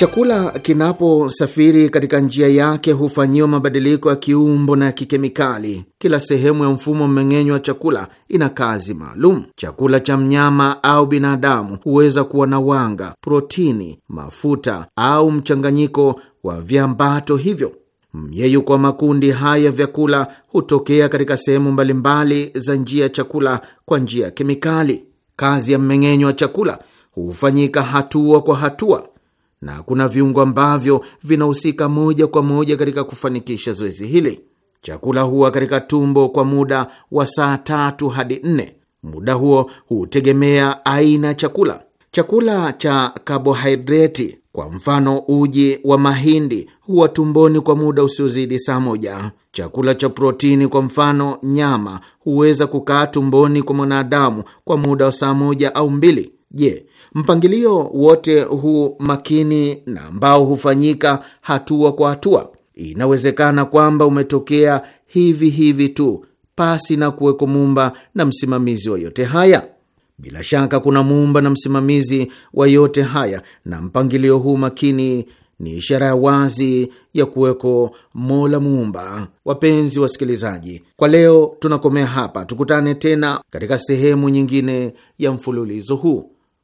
Chakula kinaposafiri katika njia yake hufanyiwa mabadiliko ya kiumbo na ya kikemikali. Kila sehemu ya mfumo mmeng'enyo wa chakula ina kazi maalum. Chakula cha mnyama au binadamu huweza kuwa na wanga, protini, mafuta au mchanganyiko wa viambato hivyo. myeyu kwa makundi haya ya vyakula hutokea katika sehemu mbalimbali za njia ya chakula kwa njia ya kemikali. Kazi ya mmeng'enyo wa chakula hufanyika hatua kwa hatua na kuna viungo ambavyo vinahusika moja kwa moja katika kufanikisha zoezi hili. Chakula huwa katika tumbo kwa muda wa saa tatu hadi nne. Muda huo hutegemea aina ya chakula. Chakula cha kabohaidreti, kwa mfano uji wa mahindi, huwa tumboni kwa muda usiozidi saa moja. Chakula cha protini, kwa mfano nyama, huweza kukaa tumboni kwa mwanadamu kwa muda wa saa moja au mbili. Je, Mpangilio wote huu makini na ambao hufanyika hatua kwa hatua, inawezekana kwamba umetokea hivi hivi tu pasi na kuweko muumba na msimamizi wa yote haya. Bila shaka kuna muumba na msimamizi wa yote haya, na mpangilio huu makini ni ishara ya wazi ya kuweko Mola Muumba. Wapenzi wasikilizaji, kwa leo tunakomea hapa, tukutane tena katika sehemu nyingine ya mfululizo huu.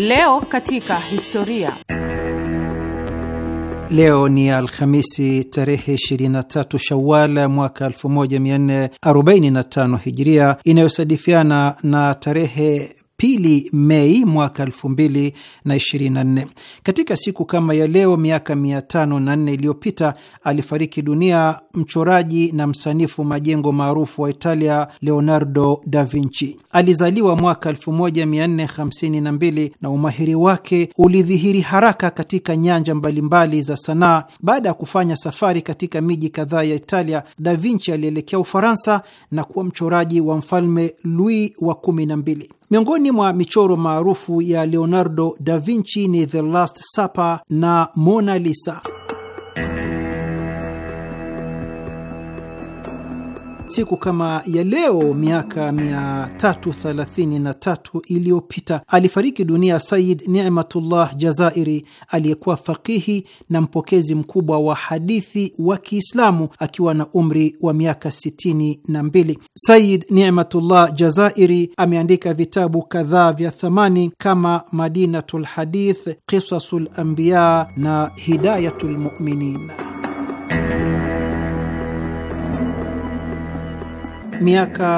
Leo katika historia. Leo ni Alhamisi tarehe 23 Shawal mwaka 1445 Hijiria, inayosadifiana na tarehe pili Mei mwaka nne. Katika siku kama ya leo miaka mia tano na nne iliyopita alifariki dunia mchoraji na msanifu majengo maarufu wa Italia Leonardo da Vinci. Alizaliwa mwaka hamsini na umahiri wake ulidhihiri haraka katika nyanja mbalimbali za sanaa. Baada ya kufanya safari katika miji kadhaa ya Italia, da Vinci alielekea Ufaransa na kuwa mchoraji wa mfalme Louis wa kumi na mbili Miongoni mwa michoro maarufu ya Leonardo da Vinci ni The Last Supper na Mona Lisa. Siku kama ya leo miaka 333 iliyopita alifariki dunia Sayid Nimatullah Jazairi, aliyekuwa fakihi na mpokezi mkubwa wa hadithi wa Kiislamu akiwa na umri wa miaka 62. Sayid Nimatullah Jazairi ameandika vitabu kadhaa vya thamani kama Madinatul Hadith, Qisasul Anbiya na Hidayatul Muminin. miaka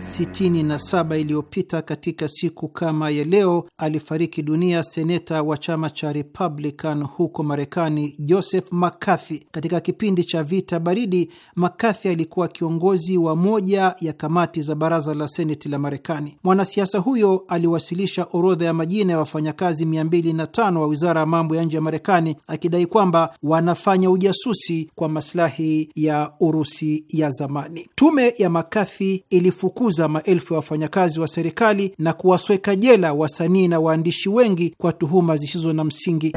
67 iliyopita katika siku kama ya leo alifariki dunia seneta wa chama cha Republican huko Marekani, Joseph McCarthy. Katika kipindi cha vita baridi, McCarthy alikuwa kiongozi wa moja ya kamati za baraza la seneti la Marekani. Mwanasiasa huyo aliwasilisha orodha ya majina ya wafanyakazi 205 wa wizara ya mambo ya nje ya Marekani akidai kwamba wanafanya ujasusi kwa maslahi ya Urusi ya zamani. Tume ya McCarthy ilifuku kuwafukuza maelfu ya wafanyakazi wa serikali na kuwasweka jela wasanii na waandishi wengi kwa tuhuma zisizo na msingi.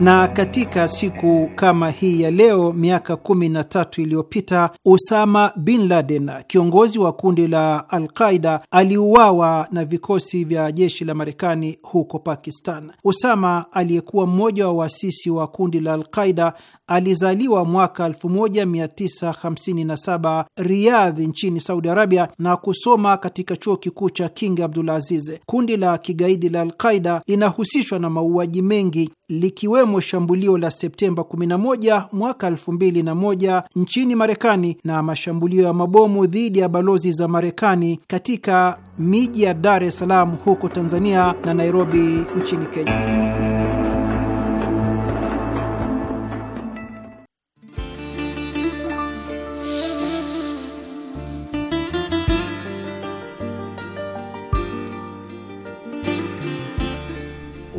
Na katika siku kama hii ya leo miaka kumi na tatu iliyopita Usama bin Laden, kiongozi wa kundi la Alqaida, aliuawa na vikosi vya jeshi la Marekani huko Pakistan. Usama aliyekuwa mmoja wa waasisi wa kundi la Alqaida alizaliwa mwaka 1957 Riyadh nchini Saudi Arabia na kusoma katika chuo kikuu cha King Abdulaziz. Kundi la kigaidi la Alqaida linahusishwa na mauaji mengi likiwemo shambulio la Septemba 11 mwaka 2001 nchini Marekani na mashambulio ya mabomu dhidi ya balozi za Marekani katika miji ya Dar es Salaam huko Tanzania na Nairobi nchini Kenya.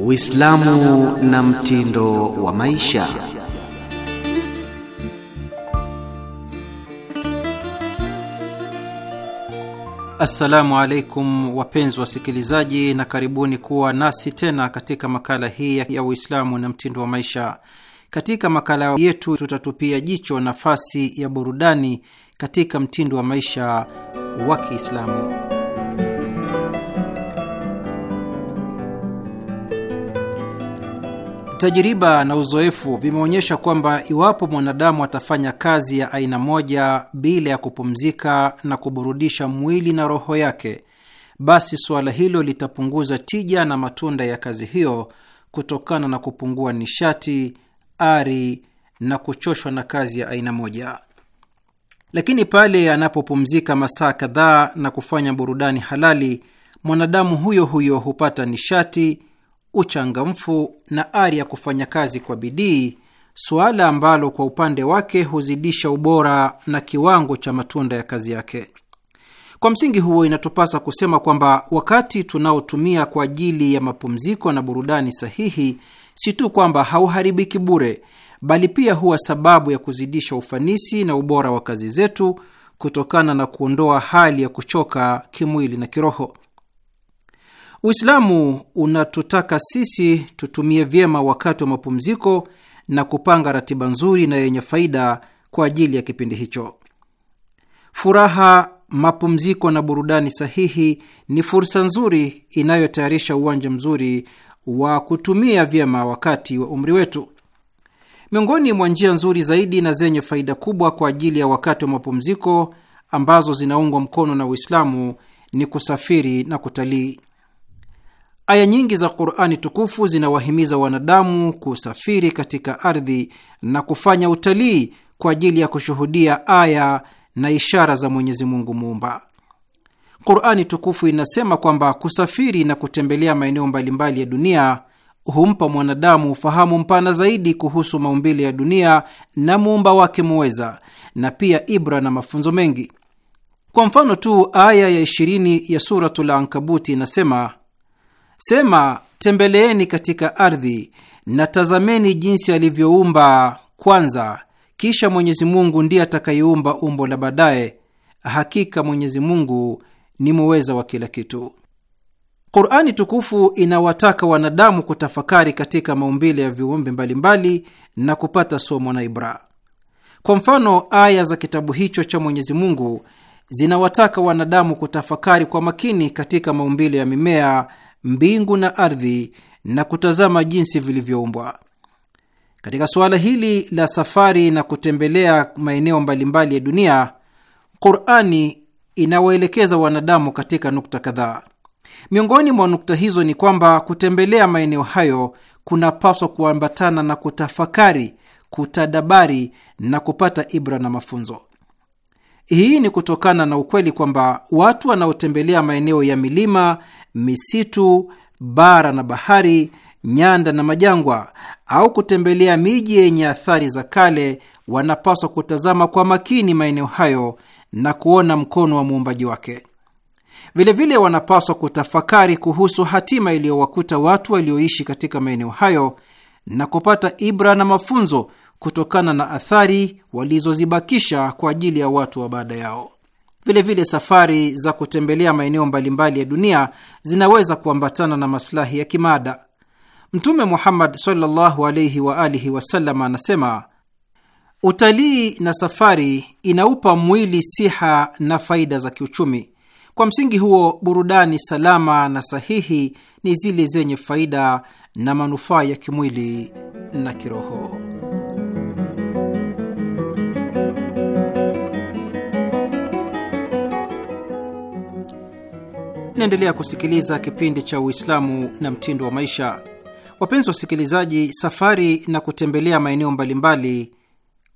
Uislamu na mtindo wa maisha. Assalamu alaikum wapenzi wasikilizaji, na karibuni kuwa nasi tena katika makala hii ya Uislamu na mtindo wa maisha. Katika makala yetu tutatupia jicho nafasi ya burudani katika mtindo wa maisha wa Kiislamu. Tajiriba na uzoefu vimeonyesha kwamba iwapo mwanadamu atafanya kazi ya aina moja bila ya kupumzika na kuburudisha mwili na roho yake, basi suala hilo litapunguza tija na matunda ya kazi hiyo kutokana na kupungua nishati, ari na kuchoshwa na kazi ya aina moja. Lakini pale anapopumzika masaa kadhaa na kufanya burudani halali, mwanadamu huyo huyo hupata nishati uchangamfu na ari ya kufanya kazi kwa bidii, suala ambalo kwa upande wake huzidisha ubora na kiwango cha matunda ya kazi yake. Kwa msingi huo, inatupasa kusema kwamba wakati tunaotumia kwa ajili ya mapumziko na burudani sahihi si tu kwamba hauharibiki bure, bali pia huwa sababu ya kuzidisha ufanisi na ubora wa kazi zetu kutokana na kuondoa hali ya kuchoka kimwili na kiroho. Uislamu unatutaka sisi tutumie vyema wakati wa mapumziko na kupanga ratiba nzuri na yenye faida kwa ajili ya kipindi hicho. Furaha, mapumziko na burudani sahihi ni fursa nzuri inayotayarisha uwanja mzuri wa kutumia vyema wakati wa umri wetu. Miongoni mwa njia nzuri zaidi na zenye faida kubwa kwa ajili ya wakati wa mapumziko ambazo zinaungwa mkono na Uislamu ni kusafiri na kutalii. Aya nyingi za Qurani tukufu zinawahimiza wanadamu kusafiri katika ardhi na kufanya utalii kwa ajili ya kushuhudia aya na ishara za Mwenyezi Mungu Muumba. Qurani tukufu inasema kwamba kusafiri na kutembelea maeneo mbalimbali ya dunia humpa mwanadamu ufahamu mpana zaidi kuhusu maumbile ya dunia na muumba wake muweza, na pia ibra na mafunzo mengi. Kwa mfano tu, aya ya 20 ya Suratul Ankabuti inasema Sema, tembeleeni katika ardhi na tazameni jinsi alivyoumba kwanza, kisha Mwenyezi Mungu ndiye atakayeumba umbo la baadaye. Hakika Mwenyezi Mungu ni muweza wa kila kitu. Qurani tukufu inawataka wanadamu kutafakari katika maumbile ya viumbe mbalimbali na kupata somo na ibra. Kwa mfano, aya za kitabu hicho cha Mwenyezi Mungu zinawataka wanadamu kutafakari kwa makini katika maumbile ya mimea mbingu na ardhi na kutazama jinsi vilivyoumbwa. Katika suala hili la safari na kutembelea maeneo mbalimbali ya dunia, Qurani inawaelekeza wanadamu katika nukta kadhaa. Miongoni mwa nukta hizo ni kwamba kutembelea maeneo hayo kunapaswa kuambatana na kutafakari, kutadabari na kupata ibra na mafunzo. Hii ni kutokana na ukweli kwamba watu wanaotembelea maeneo ya milima, misitu, bara na bahari, nyanda na majangwa, au kutembelea miji yenye athari za kale, wanapaswa kutazama kwa makini maeneo hayo na kuona mkono wa muumbaji wake. Vilevile wanapaswa kutafakari kuhusu hatima iliyowakuta watu walioishi katika maeneo hayo na kupata ibra na mafunzo kutokana na athari walizozibakisha kwa ajili ya watu wa baada yao. Vilevile vile safari za kutembelea maeneo mbalimbali ya dunia zinaweza kuambatana na masilahi ya kimada Mtume Muhammad sallallahu alaihi wa alihi wasallam anasema, utalii na safari inaupa mwili siha na faida za kiuchumi. Kwa msingi huo, burudani salama na sahihi ni zile zenye faida na manufaa ya kimwili na kiroho. Naendelea kusikiliza kipindi cha Uislamu na mtindo wa maisha. Wapenzi wasikilizaji, safari na kutembelea maeneo mbalimbali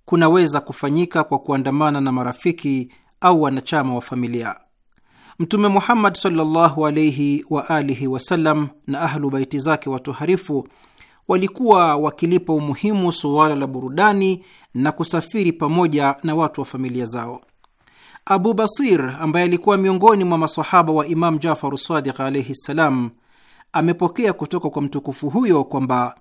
kunaweza kufanyika kwa kuandamana na marafiki au wanachama wa familia. Mtume Muhammad sallallahu alaihi wa alihi wasallam na ahlu baiti zake watoharifu walikuwa wakilipa umuhimu suala la burudani na kusafiri pamoja na watu wa familia zao. Abu Basir ambaye alikuwa miongoni mwa masahaba wa Imam Jafar Sadiq alaihi ssalam amepokea kutoka kwa mtukufu huyo kwamba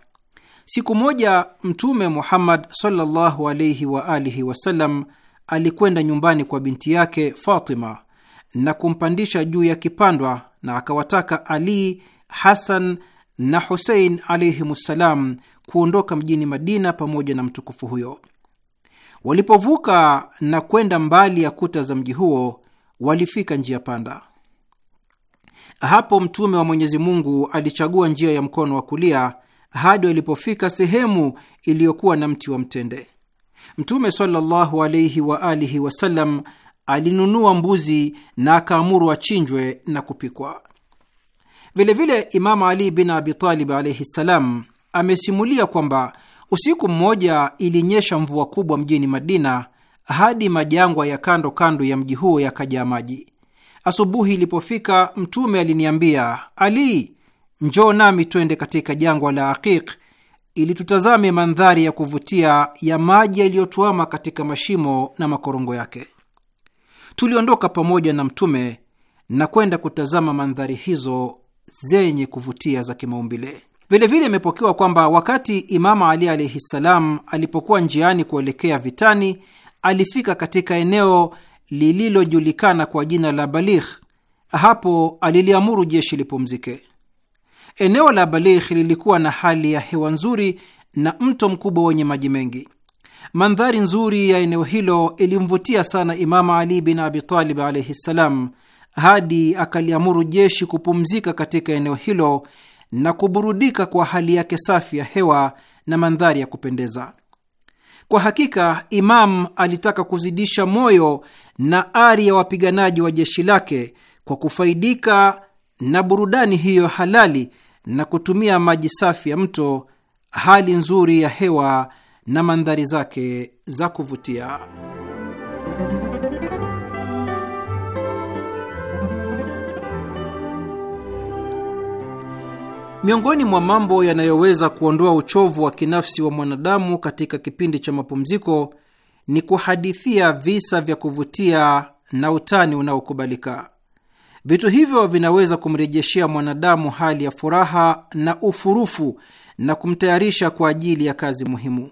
siku moja Mtume Muhammad sallallahu alaihi wa alihi wasallam alikwenda nyumbani kwa binti yake Fatima na kumpandisha juu ya kipandwa na akawataka Ali, Hasan na Husein alaihim ssalam kuondoka mjini Madina pamoja na mtukufu huyo. Walipovuka na kwenda mbali ya kuta za mji huo, walifika njia panda. Hapo Mtume wa Mwenyezi Mungu alichagua njia ya mkono wa kulia hadi walipofika sehemu iliyokuwa na mti wa mtende. Mtume sallallahu alaihi wa alihi wasallam alinunua mbuzi na akaamuru achinjwe na kupikwa. Vilevile Imamu Ali bin Abitalib alaihi ssalam amesimulia kwamba Usiku mmoja ilinyesha mvua kubwa mjini Madina hadi majangwa ya kando kando ya mji huo yakajaa maji. Asubuhi ilipofika, Mtume aliniambia, Ali, njoo nami twende katika jangwa la Aqiq ili tutazame mandhari ya kuvutia ya maji yaliyotuama katika mashimo na makorongo yake. Tuliondoka pamoja na Mtume na kwenda kutazama mandhari hizo zenye kuvutia za kimaumbile. Vilevile imepokewa kwamba wakati Imamu Ali alaihi ssalam alipokuwa njiani kuelekea vitani, alifika katika eneo lililojulikana kwa jina la balih Hapo aliliamuru jeshi lipumzike. Eneo la balih lilikuwa na hali ya hewa nzuri na mto mkubwa wenye maji mengi. Mandhari nzuri ya eneo hilo ilimvutia sana Imamu Ali bin Abitalib alaihi ssalam, hadi akaliamuru jeshi kupumzika katika eneo hilo na kuburudika kwa hali yake safi ya hewa na mandhari ya kupendeza. Kwa hakika, Imam alitaka kuzidisha moyo na ari ya wapiganaji wa jeshi lake kwa kufaidika na burudani hiyo halali na kutumia maji safi ya mto, hali nzuri ya hewa na mandhari zake za kuvutia. Miongoni mwa mambo yanayoweza kuondoa uchovu wa kinafsi wa mwanadamu katika kipindi cha mapumziko ni kuhadithia visa vya kuvutia na utani unaokubalika. Vitu hivyo vinaweza kumrejeshea mwanadamu hali ya furaha na ufurufu na kumtayarisha kwa ajili ya kazi muhimu.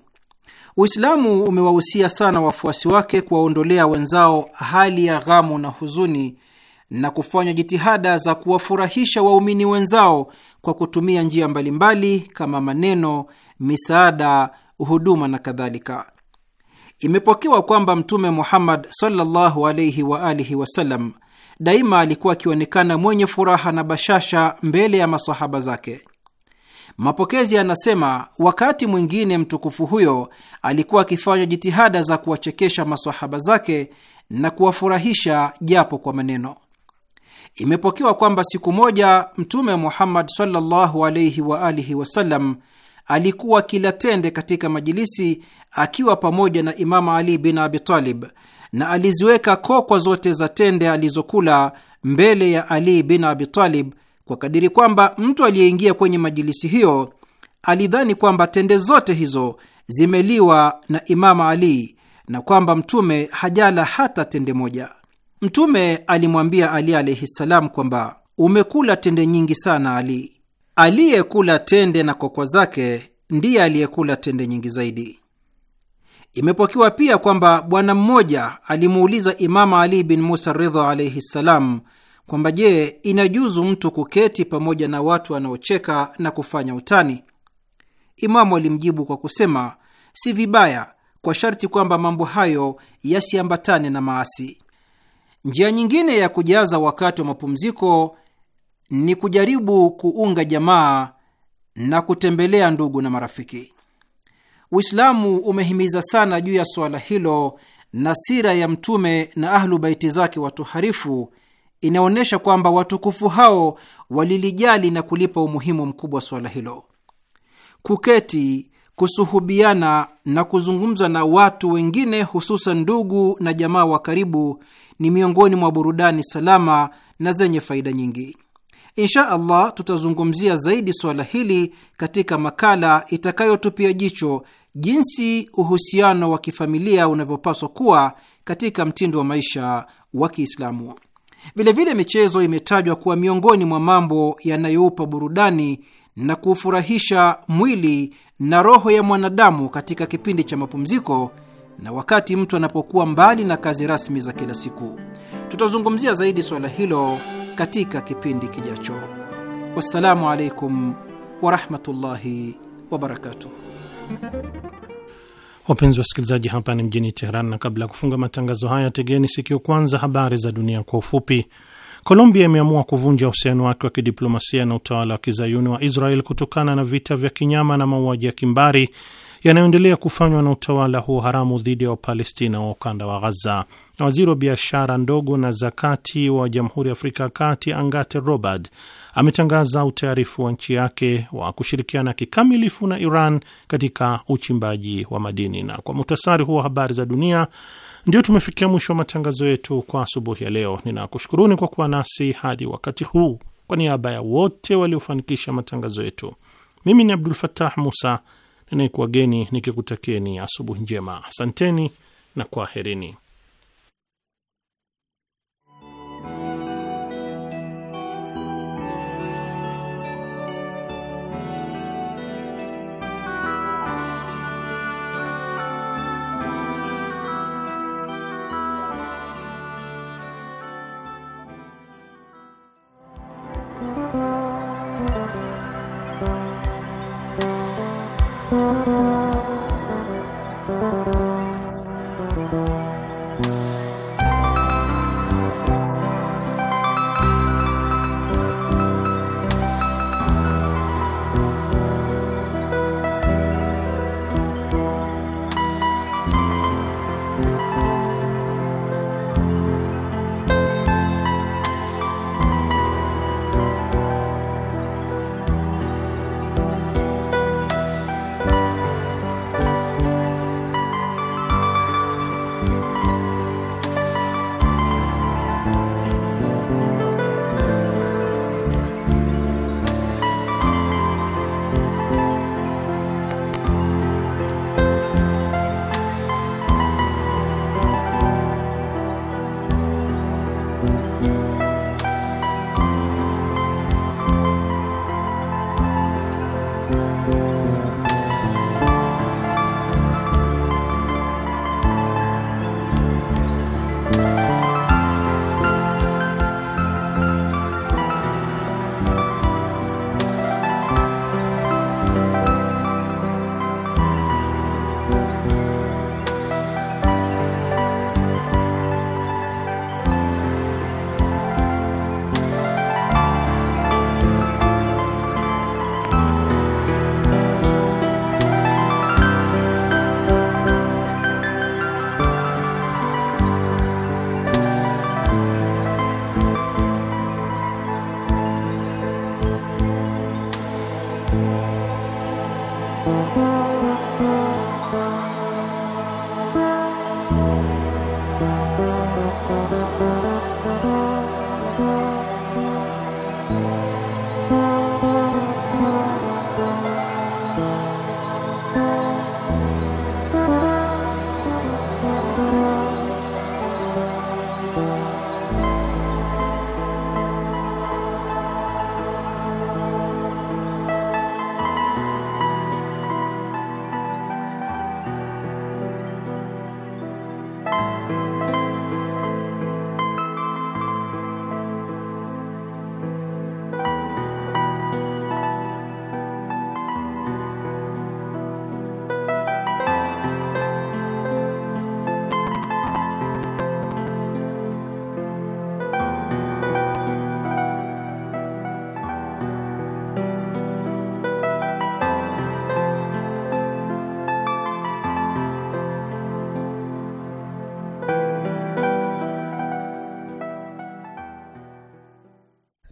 Uislamu umewahusia sana wafuasi wake kuwaondolea wenzao hali ya ghamu na huzuni na kufanya jitihada za kuwafurahisha waumini wenzao kwa kutumia njia mbalimbali mbali, kama maneno, misaada, huduma na kadhalika. Imepokewa kwamba Mtume Muhammad sallallahu alaihi wa alihi wasallam daima alikuwa akionekana mwenye furaha na bashasha mbele ya masahaba zake. Mapokezi anasema wakati mwingine mtukufu huyo alikuwa akifanya jitihada za kuwachekesha masahaba zake na kuwafurahisha japo kwa maneno. Imepokewa kwamba siku moja Mtume Muhammad sallallahu alaihi wa alihi wasallam alikuwa kila tende katika majilisi akiwa pamoja na Imamu Ali bin Abitalib, na aliziweka kokwa zote za tende alizokula mbele ya Ali bin Abitalib kwa kadiri kwamba mtu aliyeingia kwenye majilisi hiyo alidhani kwamba tende zote hizo zimeliwa na Imamu Ali na kwamba Mtume hajala hata tende moja. Mtume alimwambia Ali alaihi ssalam kwamba umekula tende nyingi sana Ali. Aliyekula tende na kokwa zake ndiye aliyekula tende nyingi zaidi. Imepokewa pia kwamba bwana mmoja alimuuliza Imama Ali bin Musa Ridha alaihi ssalam kwamba je, inajuzu mtu kuketi pamoja na watu wanaocheka na kufanya utani? Imamu alimjibu kwa kusema si vibaya, kwa sharti kwamba mambo hayo yasiambatane na maasi. Njia nyingine ya kujaza wakati wa mapumziko ni kujaribu kuunga jamaa na kutembelea ndugu na marafiki. Uislamu umehimiza sana juu ya suala hilo, na sira ya Mtume na Ahlu Baiti zake watuharifu inaonyesha kwamba watukufu hao walilijali na kulipa umuhimu mkubwa suala hilo. Kuketi, kusuhubiana na kuzungumza na watu wengine, hususan ndugu na jamaa wa karibu, ni miongoni mwa burudani salama na zenye faida nyingi. Insha Allah tutazungumzia zaidi suala hili katika makala itakayotupia jicho jinsi uhusiano wa kifamilia unavyopaswa kuwa katika mtindo wa maisha wa Kiislamu. Vilevile, michezo imetajwa kuwa miongoni mwa mambo yanayoupa burudani na kuufurahisha mwili na roho ya mwanadamu katika kipindi cha mapumziko na wakati mtu anapokuwa mbali na kazi rasmi za kila siku. Tutazungumzia zaidi suala hilo katika kipindi kijacho. Wassalamu alaikum warahmatullahi wabarakatuh. Wapenzi wasikilizaji, hapa ni mjini Teheran, na kabla ya kufunga matangazo haya, tegeni sikio kwanza habari za dunia kwa ufupi. Colombia imeamua kuvunja uhusiano wake wa kidiplomasia na utawala wa kizayuni wa Israel kutokana na vita vya kinyama na mauaji ya kimbari yanayoendelea kufanywa na utawala huo haramu dhidi ya Wapalestina wa ukanda wa Ghaza. Na waziri wa biashara ndogo na zakati wa Jamhuri ya Afrika ya Kati Angate Robert ametangaza utayarifu wa nchi yake wa kushirikiana kikamilifu na Iran katika uchimbaji wa madini. Na kwa muhtasari huo habari za dunia, ndio tumefikia mwisho wa matangazo yetu kwa asubuhi ya leo. Ninakushukuruni kwa kuwa nasi hadi wakati huu. Kwa niaba ya wote waliofanikisha matangazo yetu, mimi ni Abdul fatah Musa Ninaikuwageni nikikutakieni asubuhi njema. Asanteni na kwaherini.